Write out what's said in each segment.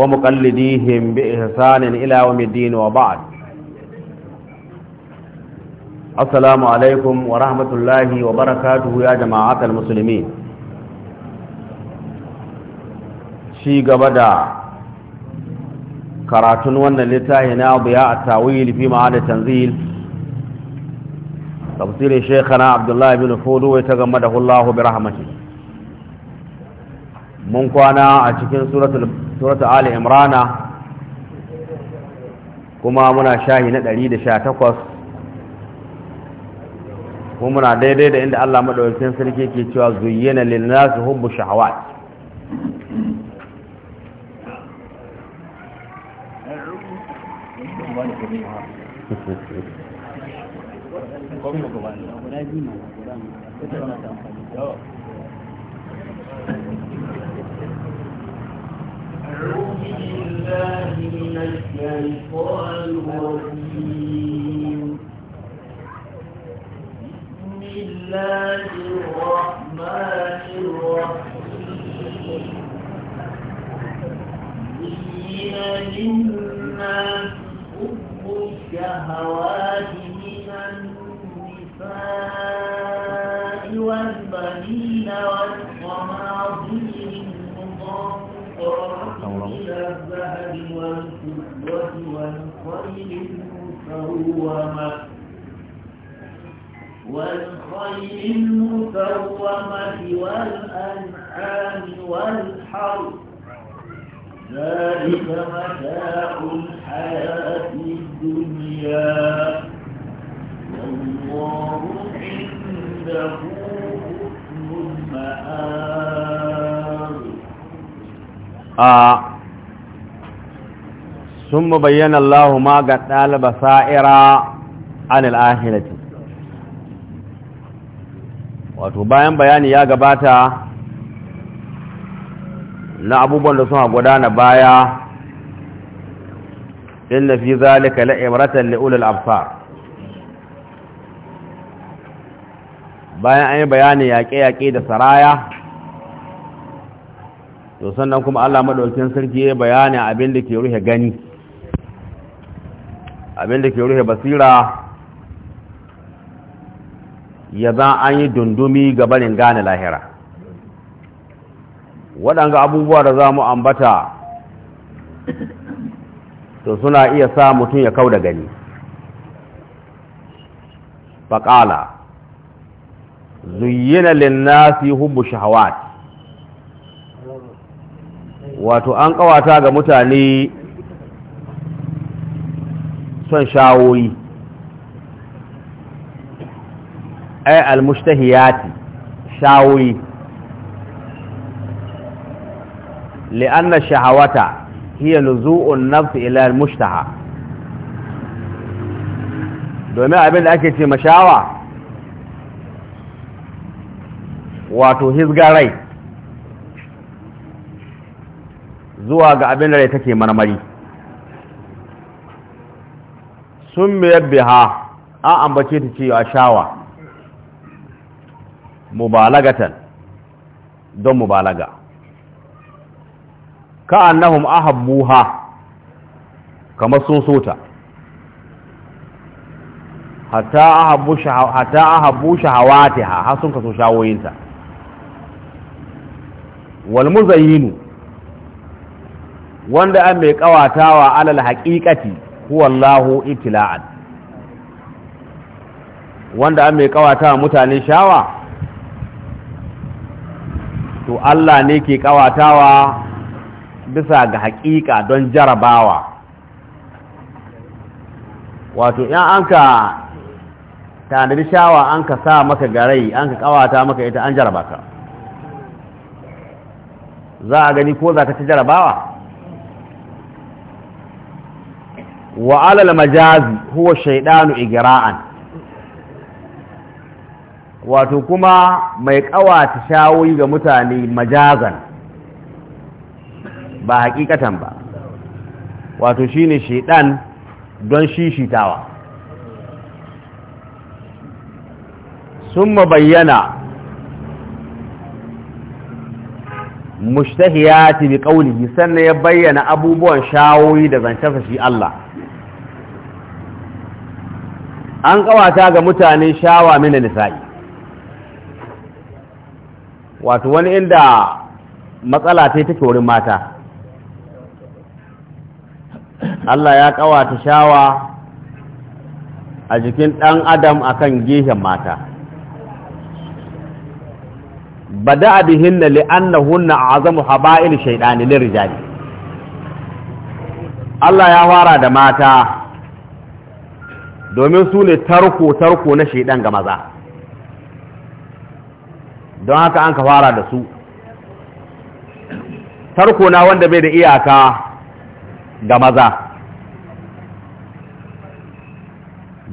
ومقلديهم بإحسان إلى يوم الدين وبعد السلام عليكم ورحمة الله وبركاته يا جماعة المسلمين شيء قبدا كراتون وانا لتاهنا ضياء التاويل في معاني التنزيل تفسير شيخنا عبد الله بن فودو ويتغمده الله برحمته mun kwana a cikin suratul ali imrana kuma muna shahi na 118 kuma muna daidai da inda Allah madaukakin sarki ke cewa zuyyana lin hubbu shahawat Thank الشيطان الرجيم والخيل المكرمة والأنعام والحرب ذلك متاع الحياة الدنيا والله عنده حسن المآب آه. ثم بين الله ما قد طالب سائرا عن الآخرة wato bayan bayani ya gabata na abubuwan da suna gudana baya inda fi zalika la'ibratan li ulul absar bayan an yi bayani yaƙe-yaƙe da saraya to sannan kuma Allah madaukin sarki ya bayani abin da ke ruhe gani abin da ke ruhe basira ya za an yi dundumi ga barin gane lahira waɗanga abubuwa da za mu ambata to suna iya sa mutum ya kau da gani faƙala zuyyina linnasi hubbu shahawat wato an ƙawata ga mutane son shawoyi ay almustahiyati shawi li'anna shahawata hiya luzu'un nafs ila al-mushtaha. domin abin da ake ce shawa. wato rai. zuwa ga abin da rai take marmari sun miyar biha an ambace ta cewa a shawa mubalagatan don mubalaga ka annahum ahabbuha kamar sun sota hatta ahabbu hatta ahabbu shahawatiha har sun kaso shawoyinta wal muzayyinu wanda an mai kawatawa alal haqiqati huwa Allahu ibtila'an wanda an mai kawatawa mutane shawa to Allah ne ke kawatawa bisa ga haƙiƙa don jarabawa wato yan an ka tanadi shawa an ka sa maka garai an ka kawata maka ita an jaraba ka za a gani ko za ka ci jarabawa wa majazi huwa shaidanu igira'an wato kuma mai ta shawoyi ga mutane majazan ba hakikatan ba wato shi ne shiɗan don shishitawa sun ma bayyana mushtahiyati bi qawlihi sannan ya bayyana abubuwan shawoyi da zancensa shi Allah an kawata ga mutane shawa mina nisa'i wato wani inda matsala ta take wurin mata Allah ya ƙawata shawa a jikin ɗan adam akan gehen mata ba bada bihin na hunna, a azamu haba'il shaydani lirijali Allah ya fara da mata domin su ne tarko tarko na shaidan ga maza don haka an ka fara da su tarko na wanda bai da iyaka ga maza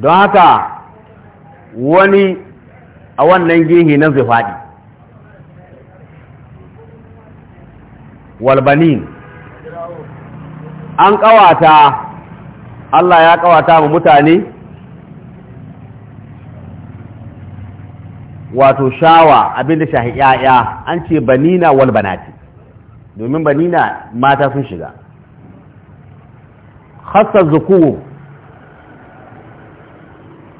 don haka wani a wannan gehe nan zai faɗi walbanin an ƙawata Allah ya ƙawata mu mutane wato shawa abinda shahi ya'ya an ce banina wal banati domin banina mata sun shiga khassa zukur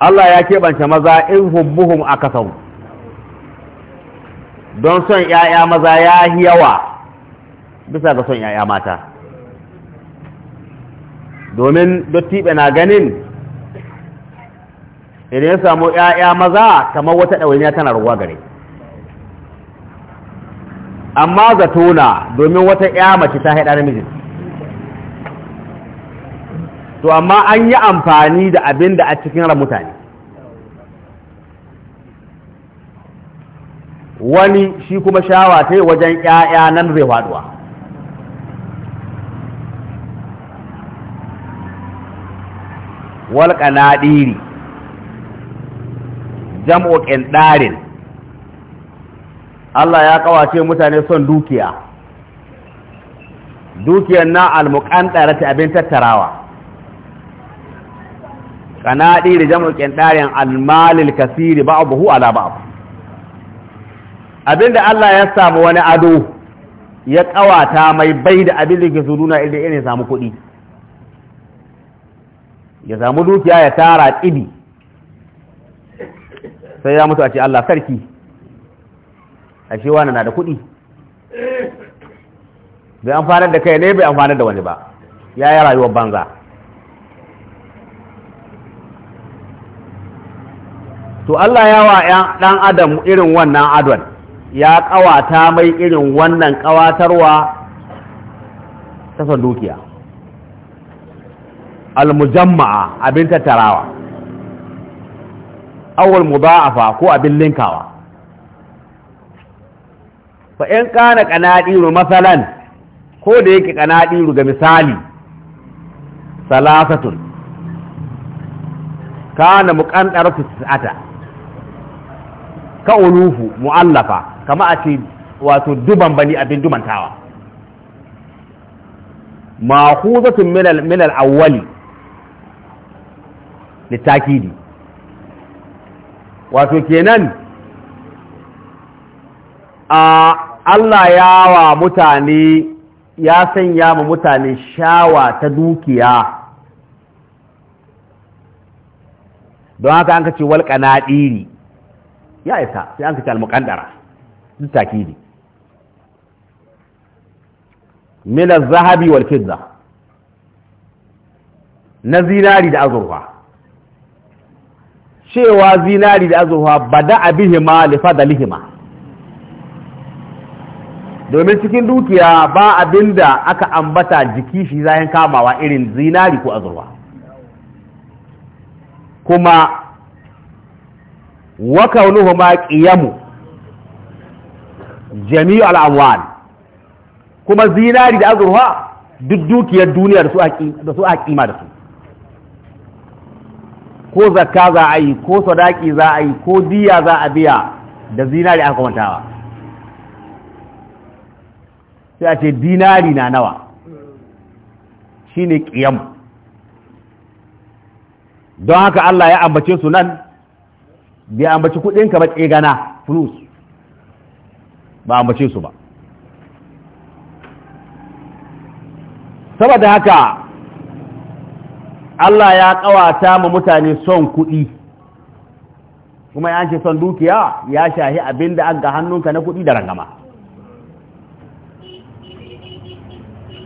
Allah ya keɓance maza in hubbuhum akasahu don son ‘ya'ya maza ya yawa bisa ga son ‘ya'ya mata domin dottiɓe na ganin idan ya samu ‘ya'ya maza kamar wata ɗawainiya tana ruwa gare amma zato na domin wata ‘ya mace ta haɗa namijin to amma an yi amfani da abin da a cikin ran mutane wani shi kuma shawa ta yi wajen ‘ya'ya nan zai faɗuwa walƙa na ɗiri jam'u ɗarin Allah ya ƙawace mutane son dukiya dukiyar na almukan ta abin tattarawa ƙanaɗi da jam'u qindarin almalil kasiri ba'dahu ala ba'd abinda Allah ya samu wani ado ya ƙawata mai bai da abin da ke suruna idan ya samu kuɗi ya samu dukiya ya tara ƙibi sai ya mutu a ce Allah sarki a shi wani na da kuɗi bai amfanar da kai ne bai amfanar da wani ba ya yi rayuwar banza to Allah ya wa ɗan adam irin wannan adon ya ƙawata mai irin wannan ƙawatarwa ta dukiya al-mujamma'a abin tattarawa awal mudha'afa ko abin linkawa fa in kana qanadiru masalan ko da yake qanadiru ga misali salasatun kana muqaddaratu tis'ata ka ulufu mu'allafa kama a ce wato duban bani abin dumantawa ma'khuzatun min al-awwali litakidi wato kenan a Allah ya wa mutane ya sanya ma mutane shawa ta dukiya don haka an kace wal qanadiri ya isa sai an kace al muqaddara duk takidi min zahabi wal fidda na zinari da azurfa cewa zinari da azurfa bada abihima da lihima domin cikin dukiya ba da aka ambata jiki shi zayen kamawa irin zinari ko azurfa kuma wani qiyamu jami'u al kuma zinari da azurfa duk dukiyar duniya da su a da da su ko zakka za a yi ko sadaki za a yi ko diya za a biya da zinari aka kwantawa sai a ce dinari na nawa Shi ne ƙiyam don haka Allah ya ambace su nan bai ambaci kuɗinka ba gana fulus ba ambace su ba saboda haka Allah ya ƙawata mu mutane son kuɗi kuma ya ce son dukiya ya shahi abin da aga hannunka na kuɗi da rangama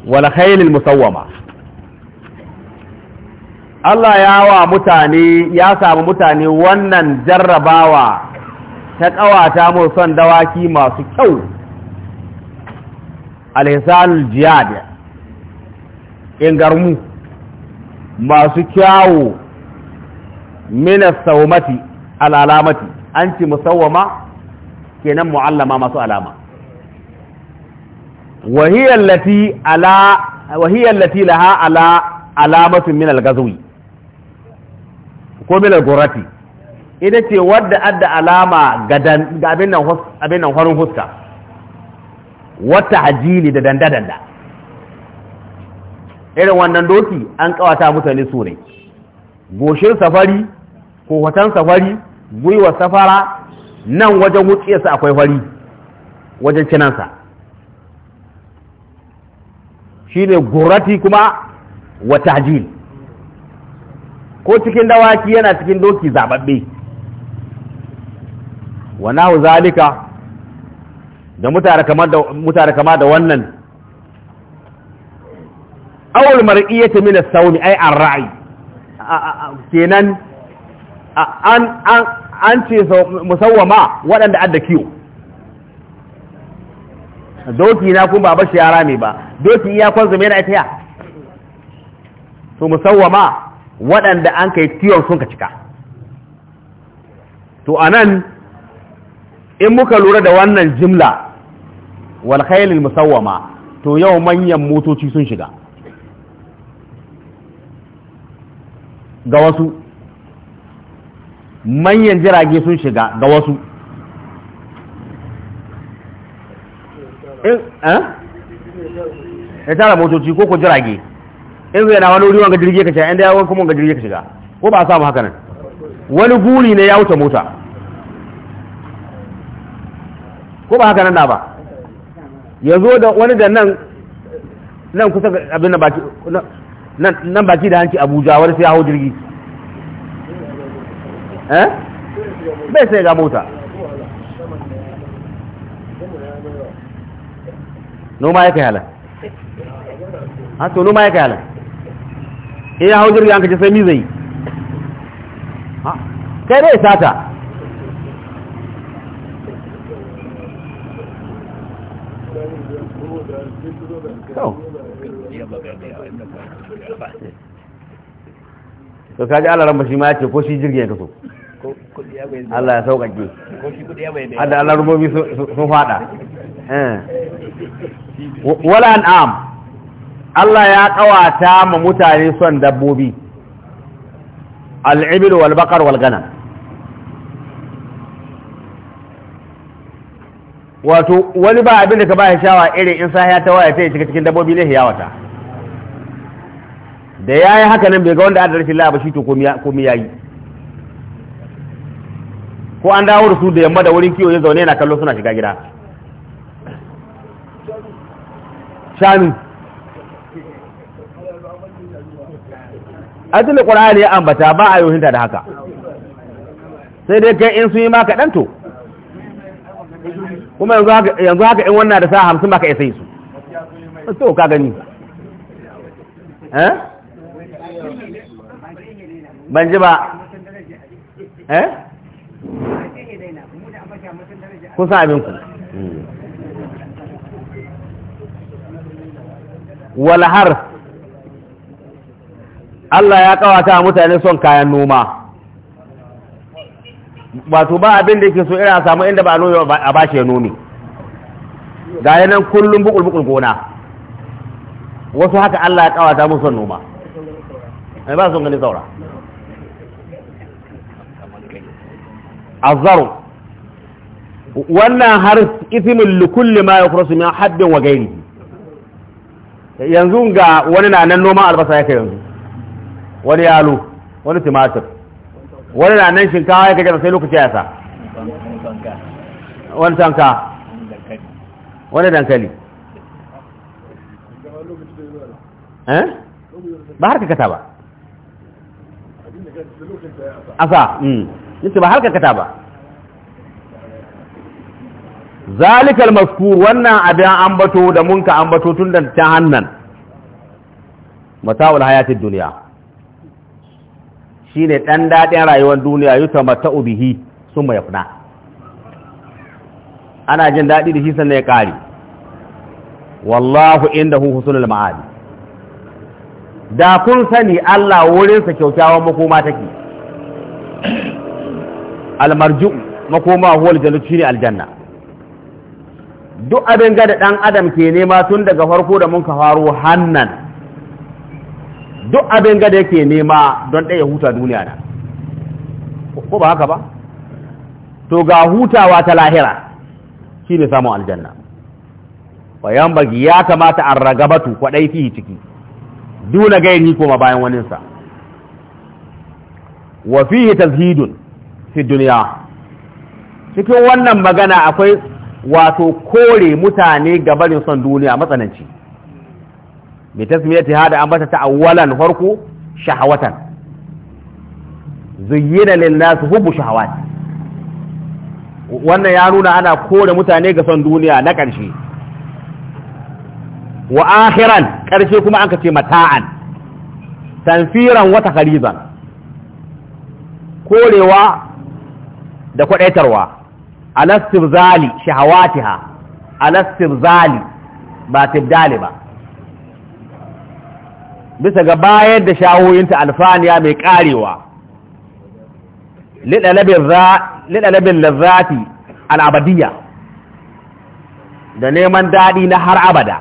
wala khailil musawwama Allah ya wa mutane ya samu mutane wannan jarrabawa ta ƙawata mu son dawaki masu kyau alhisanul jihad in garmu masu kyawu minas saumati alalamati an ci musawwama kenan mu'allama masu alama wahiyar lati ala laha ala alamatun min al-gazwi ko min al-gurati ita ce wadda adda alama ga abin nan farin fuska wata hajili da danda-danda irin wannan doki an kawata mutane su ne goshin safari ko safari gwiwa safara nan wajen wuciyarsa akwai fari wajen cinansa shi ne gurati kuma wata jil ko cikin dawaki yana cikin doki zababbe wana zalika da mutare kama da wannan kawul mar'iyyati min as-sawmi ay ar-ra'i kenan an an an ce waɗanda adda kiyo doki na kuma ba shi yara ne ba doki ya kwanzu mai na ita to musawama waɗanda an kai tiyon sun ka cika to anan in muka lura da wannan jimla wal khaylil musawama to yau manyan motoci sun shiga ga wasu manyan jirage sun shiga ga wasu eh? ya tara motoci ko ku jirage in zai na wani wuri wanga jirgi ka shiga inda wani kuma wanga jirgi ka shiga ko ba a samu haka nan wani guri ne ya wuce mota ko ba haka nan na ba ya zo da wani da nan nan kusa abin da baki nan baki da hanci abuja wani sai hau jirgi eh bai sai ga mota noma ya kai halar to noma ya kai halar iya hau jirgi an kaji sai mizai zai kai dai sata to kaji Allah ran shi ma ya ce ko shi jirgin ya kaso Allah ya sauƙaƙe adda Allah rubobi sun fada eh. wala an'am Allah ya kawata ma mutane son dabbobi al'ibir wal bakar wal ganam wato wani ba abin da ka ba shawa irin in sahiya ta waya ta yi shiga cikin dabbobi ne ya wata da ya yi haka nan bai ga wanda adar rashin laya ba shi to komi ya yi ko an dawo da su da yamma da wurin kiwo ya zaune na kallo suna shiga gida shanu ajiyar ƙwararri ya ambata ba a yohinta da haka sai dai kai in sun yi maka ɗanto kuma yanzu haka in wannan da sa hamsin baka isa su to ka gani eh? ban ji ba eh kun san abinku walhar Allah ya kawata mutane son kayan noma wato ba abin da yake so ira samu inda ba a a ba shi ya nome ga yanan kullum bukul bukul gona wasu haka Allah ya kawata son noma ai ba su gani saura azzaru wannan har ismin likulli ma yukurasu min haddin wa gairi yanzu ga wani na nan noma albasa yake yanzu wani yalo wani tumatir. wani na nan shinkawa ya kaje sai lokaci ya sa wani tanka wani dankali eh? ba har kakata ba asa hmm. yake ba har kakata ba zalikal maskur wannan abin ambato da munka ambato tun da ta hannan mata'ul hayatid duniya shine ɗan daɗin rayuwar duniya yuta mata'u bihi sun mai fina ana jin daɗi da shi sannan ya ƙari wallahu inda hu husnul ma'adi da kun sani Allah wurinsa kyaukyawan makoma take almarju makoma huwa aljanna shine aljanna duk abin gada da dan adam ke nema tun daga farko da mun ka faro hannan duk abin gada yake nema don ɗaya huta duniya na ko ba haka ba to ga hutawa ta lahira shi ne samun aljanna bayan bagi ya kamata an ragabatu kwaɗai fiye ciki duna ni koma bayan waninsa wa fihi tazhidun fi duniya cikin wannan magana akwai wato kore mutane ga barin son duniya matsananci bi tasmiyatiha da ambata ta awwalan farko shahawatan zuyyina lin nas hubbu wannan ya nuna ana kore mutane ga son duniya na ƙarshe wa akhiran ƙarshe kuma an ce mata'an tanfiran wata kharizan korewa da kwadaitarwa alastir zali shahawatiha alastir zali ba tibdali bisa ga bayar da shawoyinta alfaniya mai karewa liɗalabin lazzati al'abadiyya da neman daɗi na har abada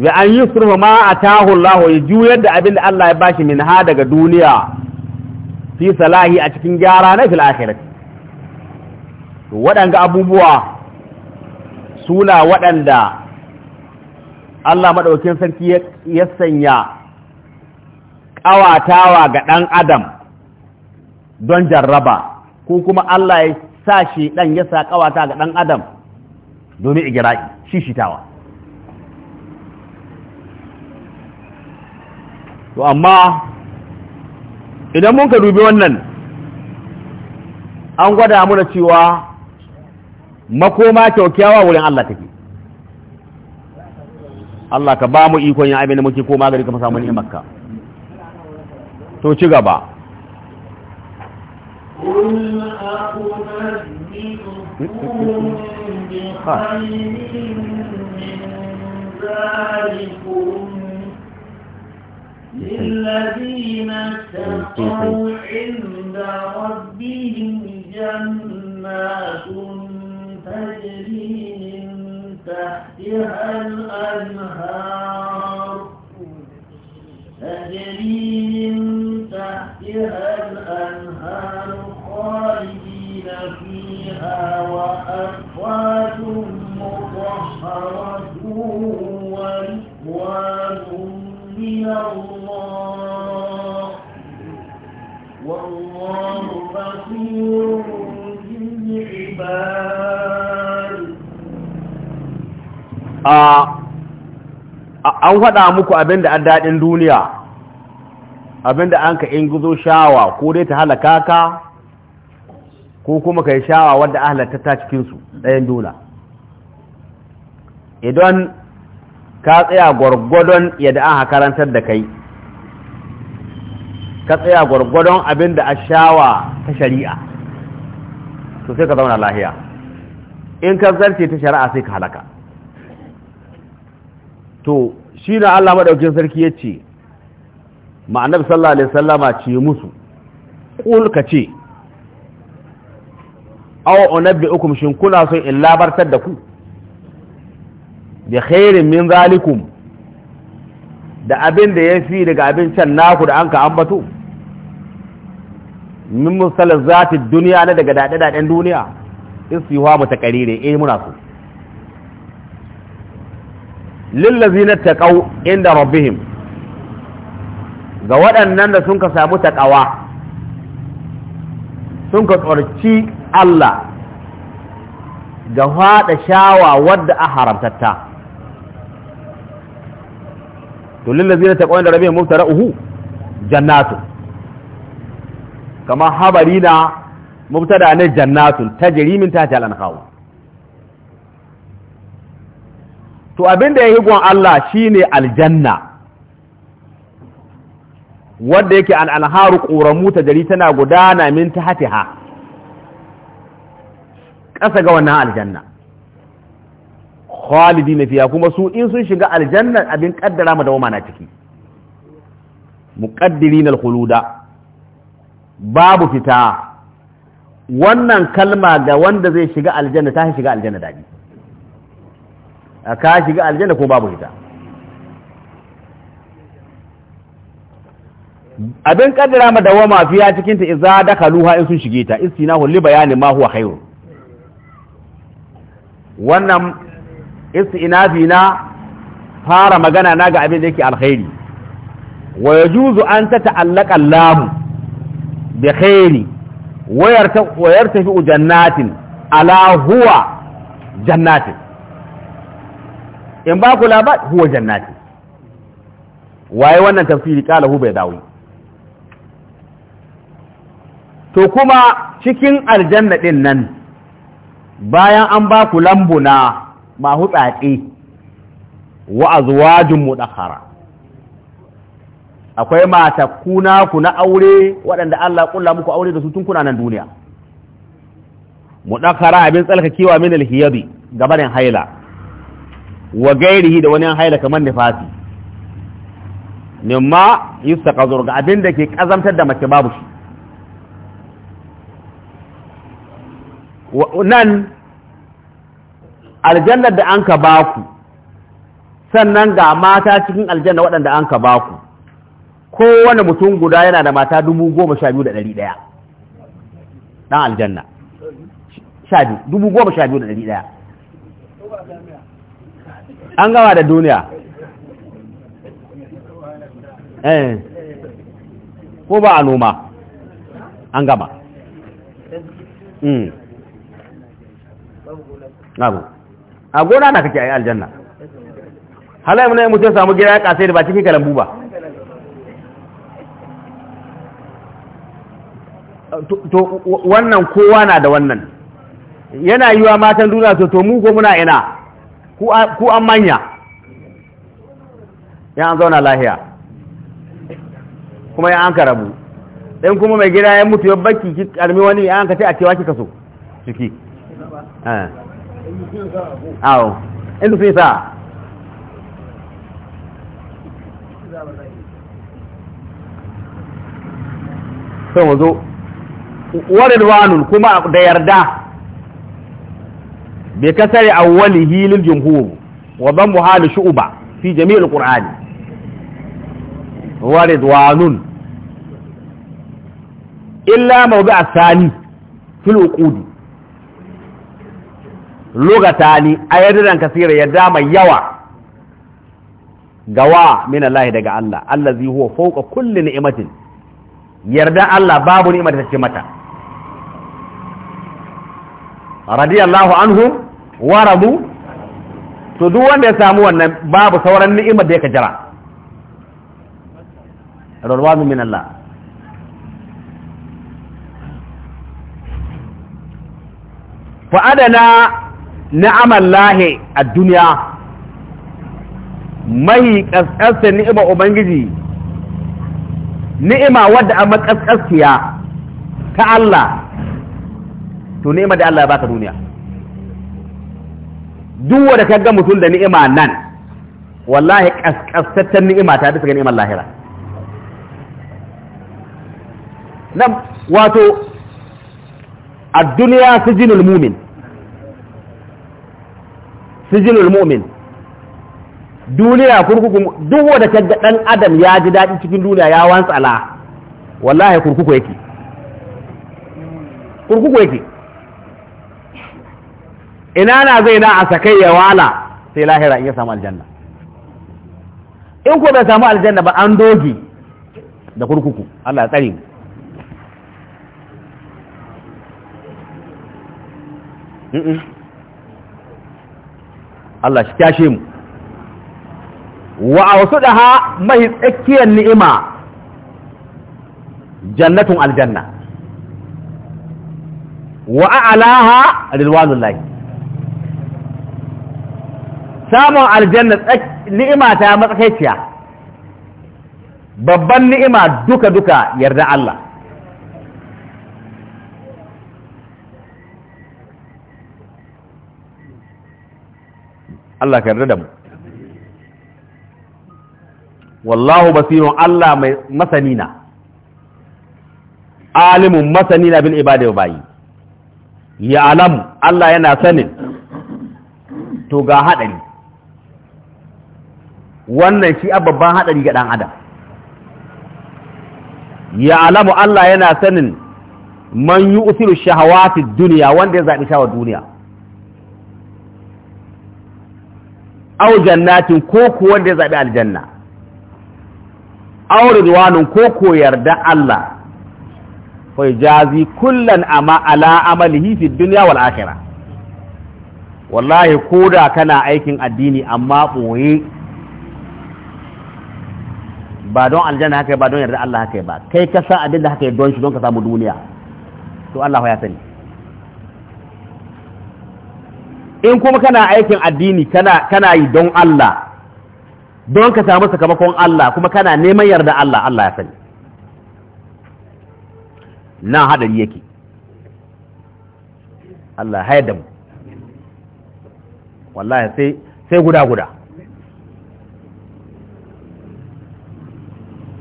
ya an yi surfa ma a tahullahu ya juyar da abin da Allah ya bashi min ha daga duniya fi salahi a cikin gyara na fil akhirati waɗanga abubuwa suna waɗanda Allah maɗaukin sarki ya sanya ƙawatawa ga ɗan adam don jarraba ko kuma Allah ya sa shi ɗan ya sa ƙawata ga ɗan adam domin igira'i shishitawa to amma idan mun ka dubi wannan an gwada mu da cewa makoma kyaukyawa wurin Allah take Allah ka ba mu ikon yin abin da muke ko gari ka samu ni makka to ci gaba للذين اتقوا عند ربهم جنات تجري من تحتها الأنهار تجري من تحتها الأنهار خالدين فيها وأكواب مطهرة ورضوان من الله والله بصير بالعباد an faɗa muku abin da an daɗin duniya abin da an ka ingizo shawa ko dai ta halaka ka ko kuma ka yi shawa wadda an halatta ta cikinsu ɗayan duna idan ka tsaya gwargwadon yadda an karantar da kai ka tsaya gwargwadon abin da a shawa ta shari'a to sai ka zauna lahiya in ka zarce ta shari'a sai ka halaka to shi na Allah maɗaukin sarki ya ce ma'anar sallah alaihi sallama ce musu ƙul ka ce awa onabbi ukum kuna son in labartar da ku da khairin min zalikum da abin da ya fi daga abin can naku da an ka ambato min musalar zati duniya na daga daɗe-daɗen duniya in su yi wa mu ne E eh muna so lillazina taqaw inda rabbihim ga waɗannan da sun ka samu taqawa sun ka tsorci Allah ga haɗa shawa wadda a haramtatta to lillazina taqaw inda rabbihim mubtara'uhu jannatu kama habari na mubtada ne jannatun ta min ta al-anhar to abin da ya higon Allah shi ne aljanna wadda yake al'anharu ƙoramu ta jari tana gudana min ta ha, ƙasa ga wannan aljanna khalidi na fiya kuma su in sun shiga aljanna abin ƙaddara da dawoma na ciki muƙaddiri na alhuluda babu fita wannan kalma ga wanda zai shiga aljanna ta shiga aljanna daɗi ka shiga aljanna ko babu ita abin kaddara ma dawo fiya cikin ta idza dakaluha in sun shige ta hu li bayani ma huwa khairu wannan istinafi na fara magana na ga abin da yake alkhairi wa yajuzu an tata'allaqa lam bi khairi wa yartafi jannatin ala huwa jannatin in ba ku labar huwa jannati waye wannan tafsiri kala hu bai dawo to kuma cikin aljanna din nan bayan an ba ku lambuna ma hutsatsi wa azwajun mudakhara akwai mata kuna ku na aure waɗanda Allah kulla muku aure da su tun kuna nan duniya mudakhara abin tsalkakewa min alhiyabi gabanin haila wa gairihi da wani haila kamar nifasi mimma yustaqazur ga abin da ke kazantar da mace babu shi nan aljannar da an ka baku sannan ga mata cikin aljanna waɗanda an ka baku kowane mutum guda yana da mata dubu goma sha biyu da ɗari ɗaya ɗan aljanna dubu goma sha biyu da ɗari ɗaya an gama da duniya eh ko ba a noma an gama hmm. babu a gona na kake a yi aljanna halayen muna yi mutum samu gira ya kasai da ba cikin kalambu ba to wannan kowa na da wannan yana yiwa matan duniya to to mu ko muna ina ku an manya ya an zauna lahiya kuma ya an karabu ɗin kuma mai gida ya mutu ya baki ki karmi wani ya an kace a cewa ki kaso ciki eh. awo inda sun sa sau mazo warin wanun kuma da yarda bi kasari awwalihi lil jumhur wa dhammu hal shu'ba fi jami' al-qur'an wa ridwanun illa mawdi' athani fil uqud lugatani ayyadan kasira yadda mai yawa gawa min Allah daga Allah allazi huwa fawqa kulli ni'matin yarda Allah babu ni'mar ta ce mata radiyallahu anhu waradu to duk wanda ya samu wannan babu sauran ni'imar da yake jira rawadu min Allah fa adana ni'amal lahi a duniya mai kaskasta ni'ima ubangiji ni'ima wadda a makaskaskiya ta Allah to ni'ima da Allah ya baka duniya duk wanda ka ga mutum da ni'ima nan wallahi kaskasattar ni'ima ta bisa ga ni'imar lahira Na wato a duniya su jinul mumin jinul mumin duniya kurkuku duk wanda ka ga dan adam ya ji daɗi cikin duniya ya wantsala wallahi kurkuku yake kurkuku yake ina na zai na a sakai ya wala sai lahira in ya samu aljanna in ko bai samu aljanna ba an doge da kurkuku Allah ya tsare mu Allah shi kyashe mu wa a wasu daha mai tsakiyar ni'ima jannatun aljanna wa a'laha ridwanullahi samun aljanna ni'ima ta matsakaiciya babban ni'ima duka-duka yarda Allah Allah ka yarda da mu wallahu basirun Allah mai masanina alimun masanina bil ibada bayi ya alamu Allah yana sanin to ga haɗari wannan shi babban haɗari ga ɗan adam ya alamu Allah yana sanin man yi usiru shahawatin duniya wanda ya zaɓi shawar duniya au jannatin ko ku wanda ya zaɓi aljanna au ridwanun ko yarda Allah fai jazi kullan a ala amalihi fi duniya wal akhirah wallahi koda kana aikin addini amma ɓoye. ba don aljanna haka ba don yarda Allah haka ba kai ka sa abin da haka don shi don ka samu duniya to Allah ya sani in kuma kana aikin addini kana kana yi don Allah don ka samu sakamakon Allah kuma kana neman yarda Allah Allah ya sani na hadari yake Allah ya haida mu wallahi sai sai guda guda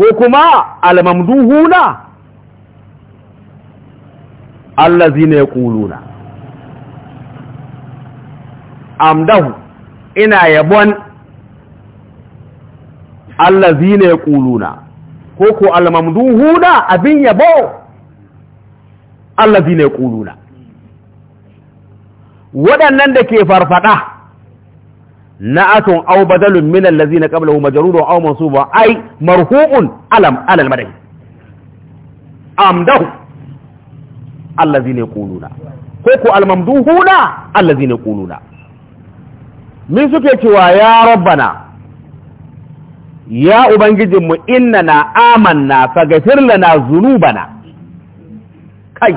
ko kuma almamduhuna allazina yaquluna amdahu ina yabon allazina yaquluna ko ko almamduhuna abin yabo allazina yaquluna waɗannan da ke farfada na'atun aw badalun min allazina qablahu majrurun aw mansubun ai marhuun alam alal madahi amdahu allazina yaquluna ko ku almamduhuna allazina yaquluna min suke cewa ya rabbana ya ubangijinmu innana amanna faghfir lana dhunubana kai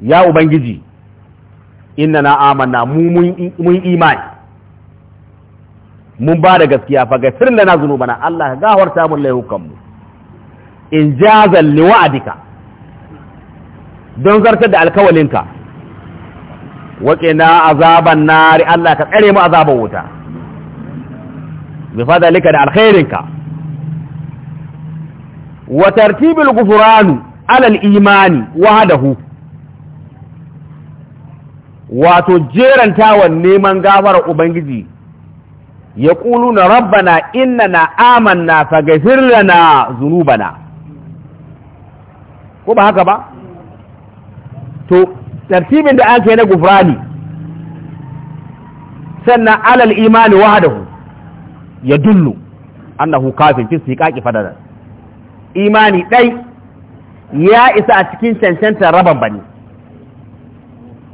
ya ubangiji inna na amana mu mun imani mun ba da gaskiya fa gafir lana zunubana Allah ka gafarta mun laihukan mu in jazal li wa'adika don zartar da alkawalinka waƙina azaban nari Allah ka tsare mu azaban wuta bi fadalika da alkhairinka wa tartibul ghufran ala al-imani wahdahu wato jerantawan neman gafarar ubangiji ya ƙulu na rabbana inna na amanna fagafir lana zunubana ko ba haka ba to tartibin da an na gufrani sannan alal imani wahadahu ya dullu annahu kafin fi siqaqi imani ɗai ya isa a cikin cancantar raban bane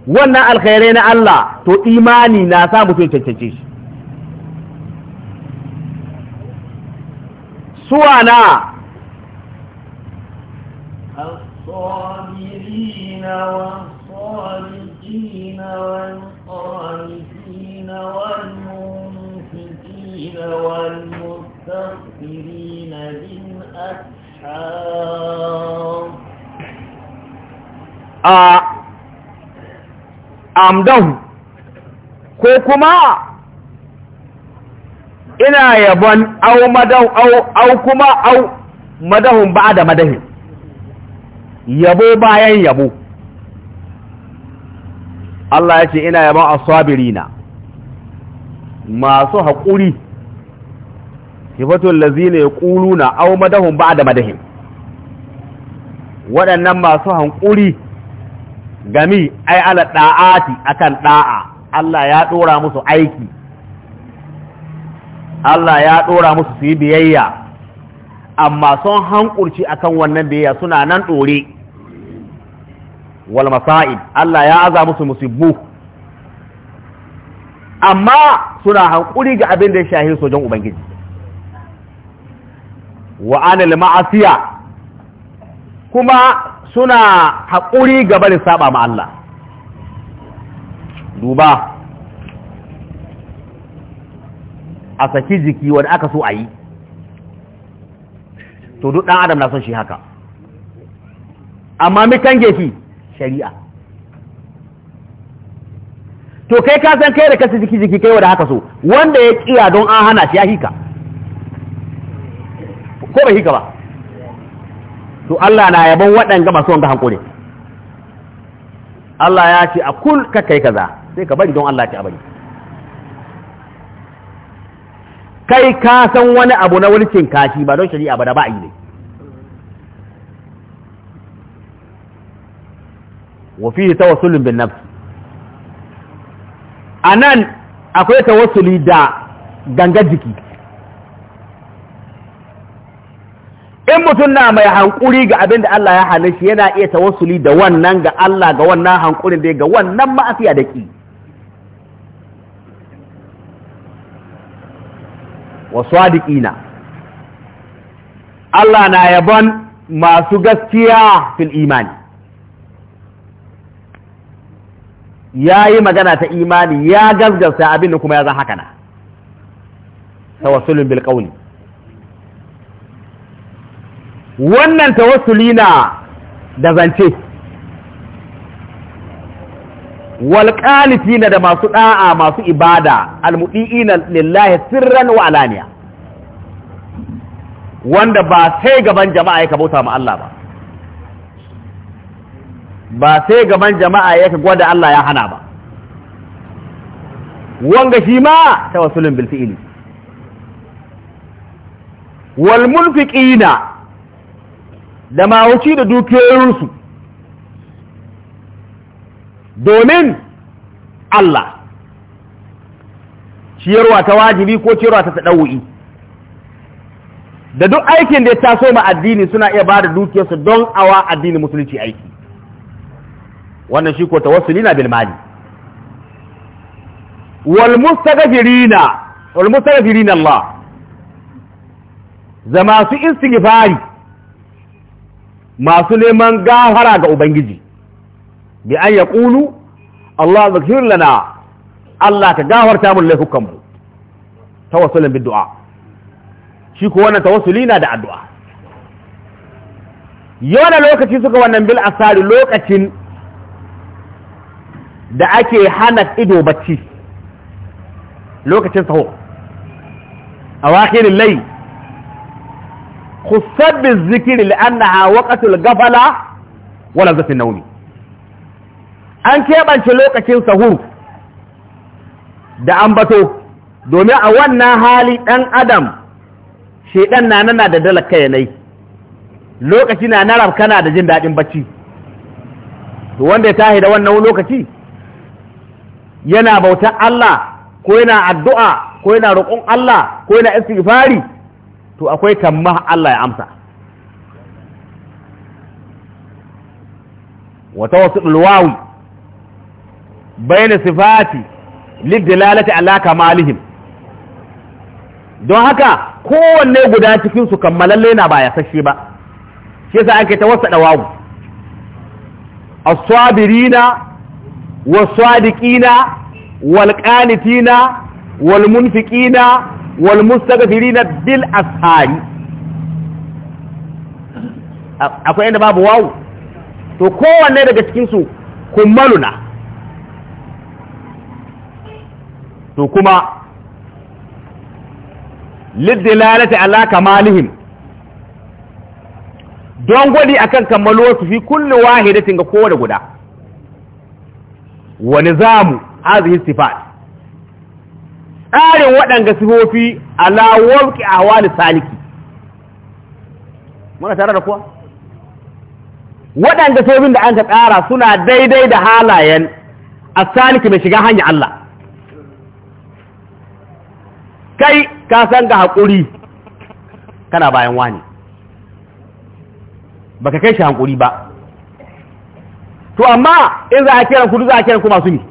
wannan alkhairai na Allah to imani na sa mutum cancance shi suwa na والمستغفرين بالأسحار amdahu ko kuma ina yabon au madahu au au kuma au madahun ba da madahin yabo bayan yabo Allah ya ce ina yabon asabirina masu haƙuri sifatul lazina yaquluna au madahun ba da madahin waɗannan masu haƙuri. gami ai ala da'ati akan da'a Allah ya dora musu aiki Allah ya dora musu su yi biyayya amma sun hankurci akan wannan biyayya suna nan dore wal masa'ib Allah ya aza musu musibbu amma suna hankuri ga abin da ya shahi sojan ubangiji wa anil ma'asiya kuma suna haƙuri gaba da saba ma Allah duba a saki jiki wani aka so a yi to duk ɗan adam na son shi haka amma mitan gefi shari'a to kai ka san kai da kasi jiki jiki kai wanda haka so wanda ya kiya don an hana shi ya hika ko bai hika ba to Allah na yabon waɗanga masu wanga ne? Allah ya ce a kul ka kai kaza sai ka bari don Allah ce a bari kai ka san wani abu na wulcin kashi ba don shari'a ba da ba a yi ne wa fi wasulun bin a nan akwai wasuli da ganga jiki in mutum na mai hankuri ga abin da Allah ya hane shi yana iya tawasuli da wannan ga Allah ga wannan hankulin da ga wannan ma'afiya da ki wa sadiqina Allah na yaban masu gaskiya fil imani ya yi magana ta imani ya gazgarsa abin da kuma ya zan haka na tawassulun bil qawli wannan tawassuli na da zance walƙalifina da masu ɗa'a masu ibada almudi'ina lillahi sirran wa alaniya wanda ba sai gaban jama'a ya kabauta ma Allah ba ba sai gaban jama'a ya gwada Allah ya hana ba wanga shi ma tawassulin bil fi'li wal munfiqina da mawuci da dukiyoyinsu domin Allah ciyarwa ta wajibi ko ciyarwa ta taɗau'i, da duk aikin da ya taso ma addini suna iya ba da dukiyarsu don awa addini musulunci aiki wannan shi ko ta na lina bilmani wal mustaghfirina wal Allah zama su istighfari masu neman gahara ga ubangiji bi an ya ƙulu Allah zakir lana Allah ka gafarta mun laifukanmu wasu bin du'a shi ko wannan tawassuli na da addu'a yawan lokaci suka wannan bil asari lokacin da ake hana ido bacci lokacin saho a wakilin lai khussat bizikri li'annaha waqtul gafala wa lazatun nawmi an keɓance lokacin sahur da ambato domin a wannan hali ɗan adam shaiɗan na nana da dalaka yanai lokaci na na da jin daɗin bacci to wanda ya tahi da wannan lokaci yana bautar Allah ko yana addu'a ko yana roƙon Allah ko yana istighfari to akwai tamma Allah ya amsa wata wasu ɗulwawi bayan sifati liddalalati ala kamalihim don haka kowanne guda cikin su kammalalle na ba ya sashe ba shi yasa ake ta wasa dawawu as-sabirina was wal-qanitina wal wal mustaghfirina bil akwai inda babu wawu to kowanne daga cikin su kummaluna to kuma lidilalati ala kamalihim don gwadi akan kammalo su fi kullu wahidatin ga da guda wa nizamu hadhihi sifat tsarin waɗanga sifofi ala a ahwali saliki muna tare da kuwa waɗanda sifofin da an ka tsara suna daidai da halayen a saliki mai shiga hanyar Allah kai ka san ga haƙuri kana bayan wani baka kai shi haƙuri ba to amma in za a kiran kudu za a kiran kuma su ne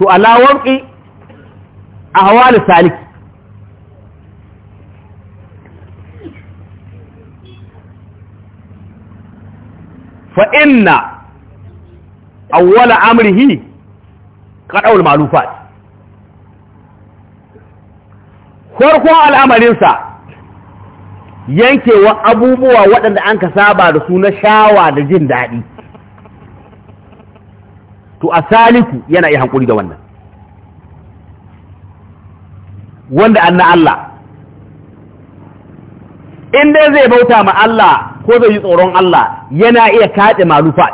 to ala wanki ahwal salik fa inna awwala amrihi qad'ul ma'lufat al'amarin al'amarinsa yankewa abubuwa waɗanda an ka saba da su na shawa da jin daɗi to a saliku yana iya hankuri da wannan wanda an na Allah in dai zai bauta ma Allah ko zai yi tsoron Allah yana iya kaɗe malufa.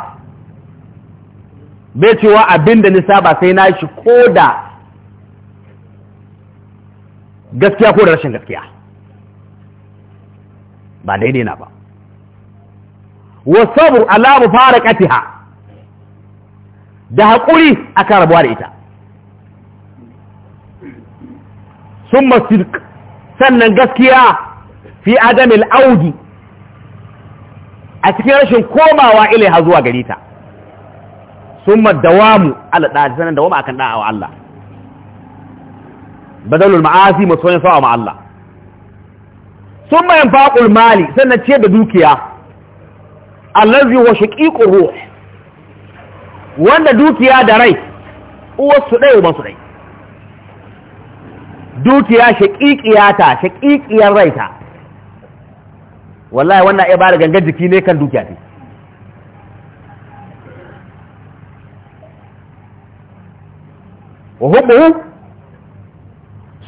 bai cewa abin da nisa ba sai na shi ko da gaskiya ko da rashin gaskiya ba daidai na ba wasu alamu fara ƙatiha da haƙuri akan rabuwa da ita sun masirk sannan gaskiya fi adamil audi a cikin rashin komawa ilaiha zuwa gari ta sun dawamu ala ɗaji sannan dawama akan ɗa'a wa Allah badalul ma'asi masoyin sawa ma Allah sun mayan faƙul mali sannan ce da dukiya allazi wa shaƙiƙun ruh wanda dukiya da rai uwarsu ɗaya uban su ɗai dukiya shaƙiƙiya ta shaƙiƙiyar rai ta wallahi wannan ya bada gangan jiki ne kan dukiya ce wa hubbu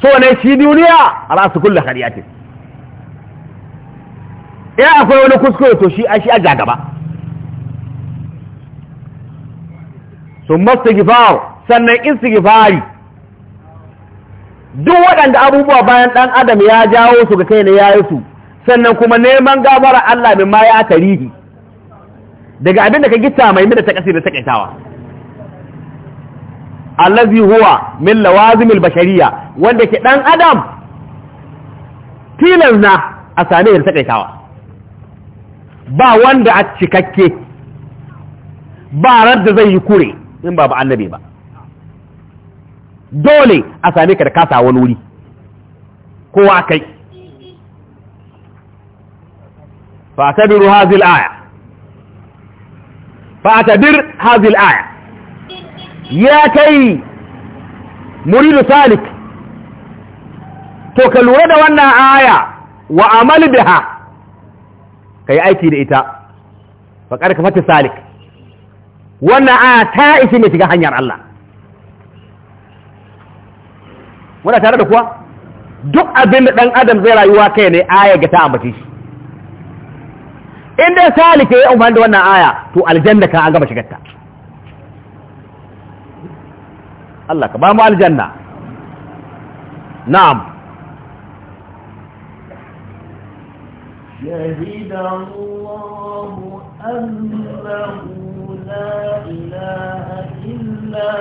so ne shi duniya a rasu kulle kariya ce ya akwai wani kuskure to shi a shi a gaba sun mastighfar sannan istighfari duk waɗanda abubuwa bayan ɗan adam ya jawo su ga kai ne ya yi su sannan kuma neman gabara Allah min ma ya tarihi daga abin da ka gita mai mida ta kasi da takaitawa allazi huwa min lawazimil bashariya wanda ke ɗan adam tilan na a same da takaitawa ba wanda a cikakke ba da zai yi kure in ba ba annabi ba dole a same ka da kasa wani wuri kowa kai fa'tabiru hadhihi aya fa'tabir aya ya kai muridu salik to ka lura da wannan aya wa amal biha kai aiki da ita faqad fata salik wannan a ta isi mai shiga hanyar Allah muna tare da kuwa duk abin da ɗan adam zai rayuwa kai ne aya ga ta ambaci shi inda salike ya umarni da wannan aya to aljanna ka an gaba shigarta Allah ka ba mu aljanna na'am شهد الله أنه لا إله إلا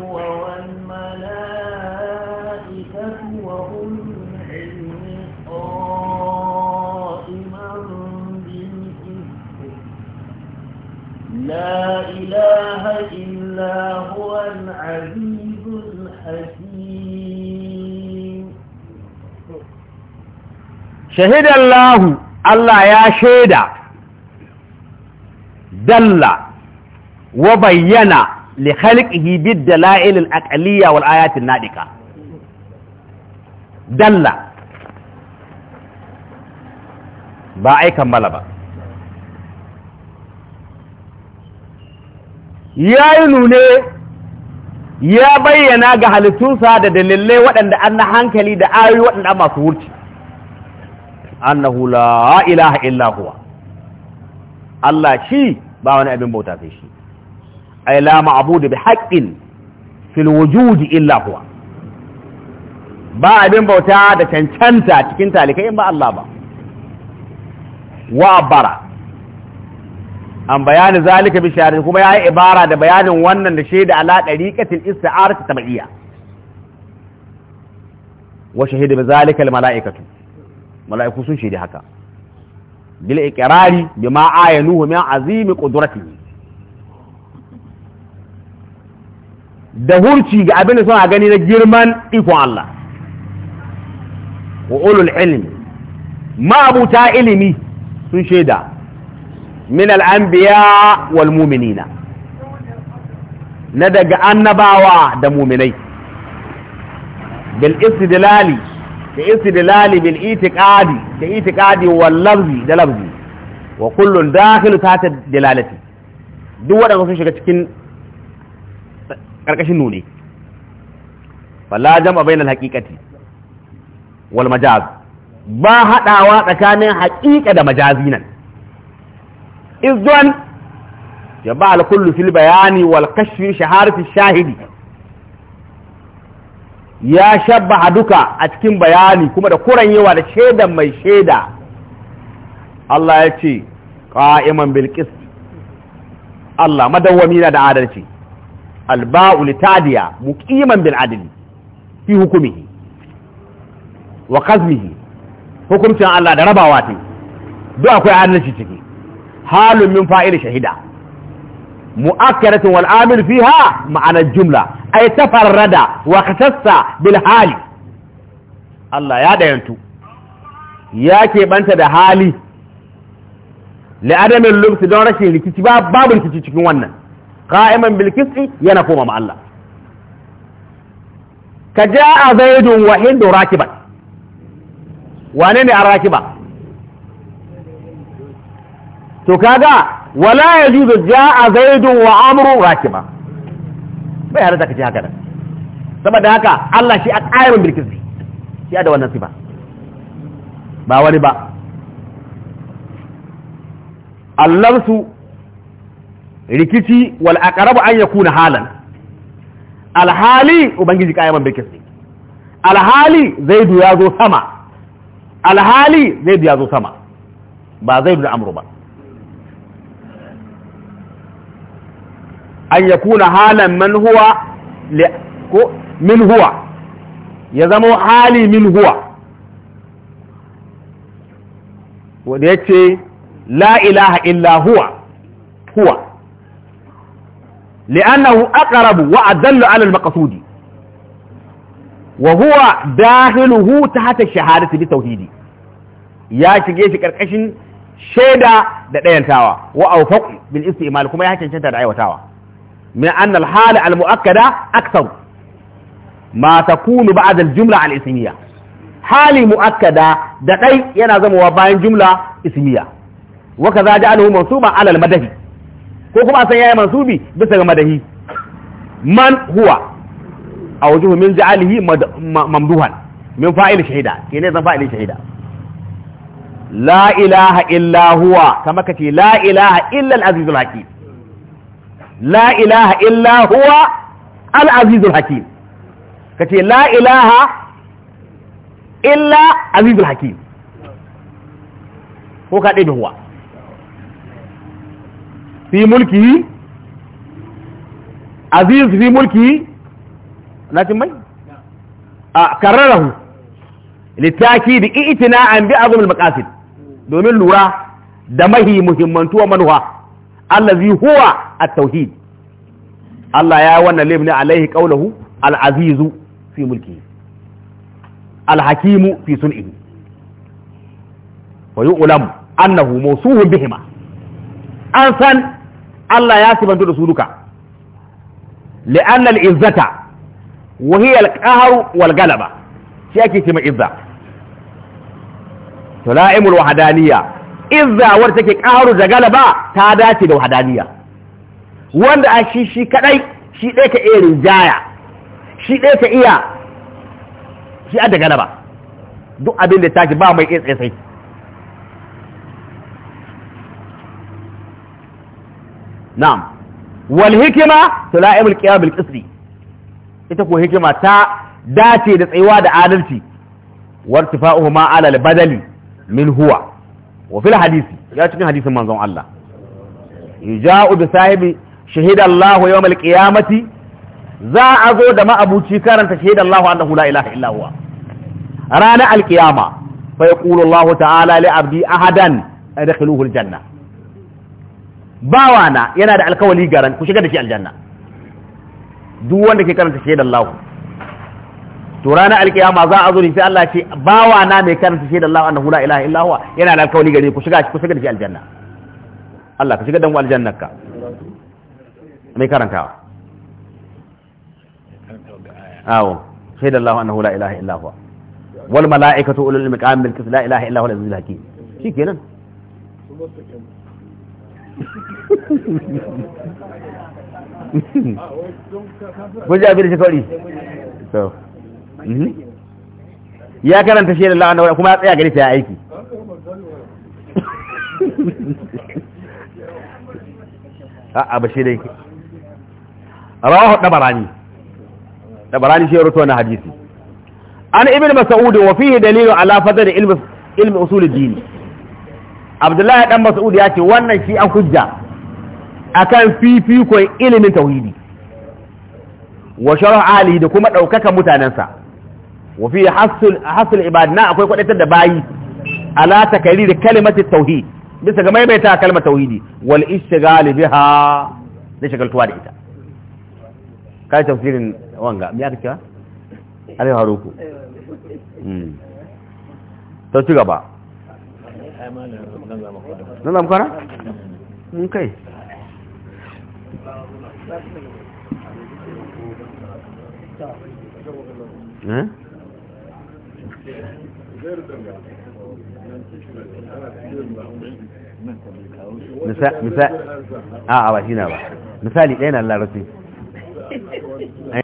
هو والملائكة وأولو العلم قائما بالقسط لا إله إلا هو العزيز الحكيم شهد الله الله يا شهد دلّ wa bayyana li khalqihi bid dalail al aqliyya wal ayat dalla ba ai kammala ba yayi ya bayyana ga halittunsa da dalilai waɗanda an na hankali da ayoyi waɗanda masu wurci annahu la ilaha illa huwa Allah shi ba wani abin bauta sai shi ay la ma'budu bi haqqin fil wujudi illa huwa ba abin bauta da cancanta cikin talikai ba Allah ba wa bara an bayani zalika bi kuma yayi ibara da bayanin wannan da shaida ala dariqatil isti'arati tabiyya wa shahida bi zalika al malaikatu malaiku sun shaidi haka bil iqrari bima ayanuhu min azimi qudratihi da hurci ga abin da suna gani na girman ikon Allah wa ulul ilmi ma'abuta ilimi sun shaida min al'anbiya wal muminina na daga annabawa da muminai bil istidlali da istidlali bil itiqadi da itiqadi wal lafzi da lafzi wa kullun dakhil ta dalalati duk wadanda sun shiga cikin karkashin nuni fala jam'a bainal haqiqati wal majaz ba hadawa tsakanin haqiqa da majazi nan izwan ya ba al fil bayani wal kashfi shaharati shahidi ya shabba duka a cikin bayani kuma da kuran yawa da shaidan mai shaida Allah ya ce qa'iman bil qist Allah madawwami da adalci alba'u litadiya muqiman bin adli fi hukumihi wa qazmihi hukumcin Allah da rabawa ta duk akwai adalci ciki halun min fa'il shahida mu'akkaratun wal amil fiha ma'anar jumla ay tafarrada wa khasassa bil hali Allah ya ɗayantu ya keɓanta da hali la'adamin lubsi don rashin rikici babu rikici cikin wannan qa'iman bil qisti yana koma ma Allah ka jaa zaidun wa hindu rakiban wane ne arakiba to kaga wala yajuzu jaa zaidun wa amru rakiba bai yarda kace haka da saboda haka Allah shi a da wannan ba wani ba allansu rikici wal aqrabu an yakuna halan alhali ubangiji kayaman bai al alhali zaidu ya zo sama alhali zaidu ya zo sama ba zaidu da amru ba an yakuna halan man huwa ko min huwa ya zama hali min huwa wanda yace la ilaha illa huwa huwa لأنه أقرب وأدل على المقصود وهو داخله تحت الشهادة بالتوحيد يا shi كركشن shaida da ɗayantawa wa aufaq bil istimal kuma ya cancanta da aiwatawa min anna al hal al muakkada akthar ma jumla al ismiya hali muakkada da dai yana zamowa bayan jumla ismiya wa kaza ja'aluhu mansuban madahi ko kuma a san yayi mansubi bisa ga madahi man huwa a wajen min ja'alihi mamduhan min fa'il shahida Ke kene zan fa'il shahida la ilaha illa huwa kama kace la ilaha illa al-azizul hakim la ilaha illa huwa al-azizul hakim kace la ilaha illa azizul hakim ko ka dai huwa fi mulki aziz fi mulki littaki da itina an bi azum al domin lura da mahi muhimmantuwa manuwa allazi huwa tauhid Allah ya wannan libni alaihi qawluhu al-azizu fi mulkihi al-hakimu annahu an san Allah ya sibantu da su duka li'anna al-izzata wa hiya al-qahr wal galaba shi ake cewa izza tulaimul wahdaniyya izza war take qaharu da galaba ta dace da wahdaniyya wanda a shi shi kadai shi dai ka iya rijaya shi dai ka iya shi a da galaba duk abin da take ba mai tsaye sai na'am wal hikima tula'imul qiyam bil qisri ita ko hikima ta dace da tsayuwa da adalci wartifa'uhuma ala al badali min huwa wa fil hadisi ya cikin hadisin manzon Allah yaja'u bi sahibi shahida Allah yawm al qiyamati za a zo da ma'abuci karanta shahida Allah annahu la ilaha illa huwa ranar alkiyama qiyama fa yaqulu Allah ta'ala li abdi ahadan adkhiluhu al janna bawa na yana da alkawali garan ku shiga da shi aljanna duk wanda ke karanta da Allah to ranar alkiyama za a zo ne sai Allah ce bawa na mai karanta da Allah annahu la ilaha illa huwa yana da alkawali gare ku shiga ku shiga da shi aljanna Allah ka shiga dan aljannarka mai karantawa awo da Allah annahu la ilaha illa huwa wal mala'ikatu ulul maqam bil qis la ilaha illa huwa al-azizul hakim shikenan kun ji abin da shekaru so mhm. ya karanta shi da la'ana kuma ya tsaya gari ta ya aiki A ba shi dai rawahu dabarani dabarani shi rutuwa na hadisi an ibn mas'ud wa fihi dalilu ala fadl ilmi ilmi usul ad-din abdullahi dan mas'ud ya ce wannan shi an hujja akan fifikon ilimin tauhidi wa shar'a ali da kuma ɗaukaka mutanensa wa fi hasul ibad na akwai kwadatar da bayi ala takari da kalimati tauhid bisa ga maimaita kalmar tauhidi wal ishtigal biha da shagaltuwa da ita kai tafsirin wanga me aka kira alai haruku hmm. to ci gaba نظام كرة ممكن ها مثال مثال آه،, اه اه هنا مثالي اين الله رسيم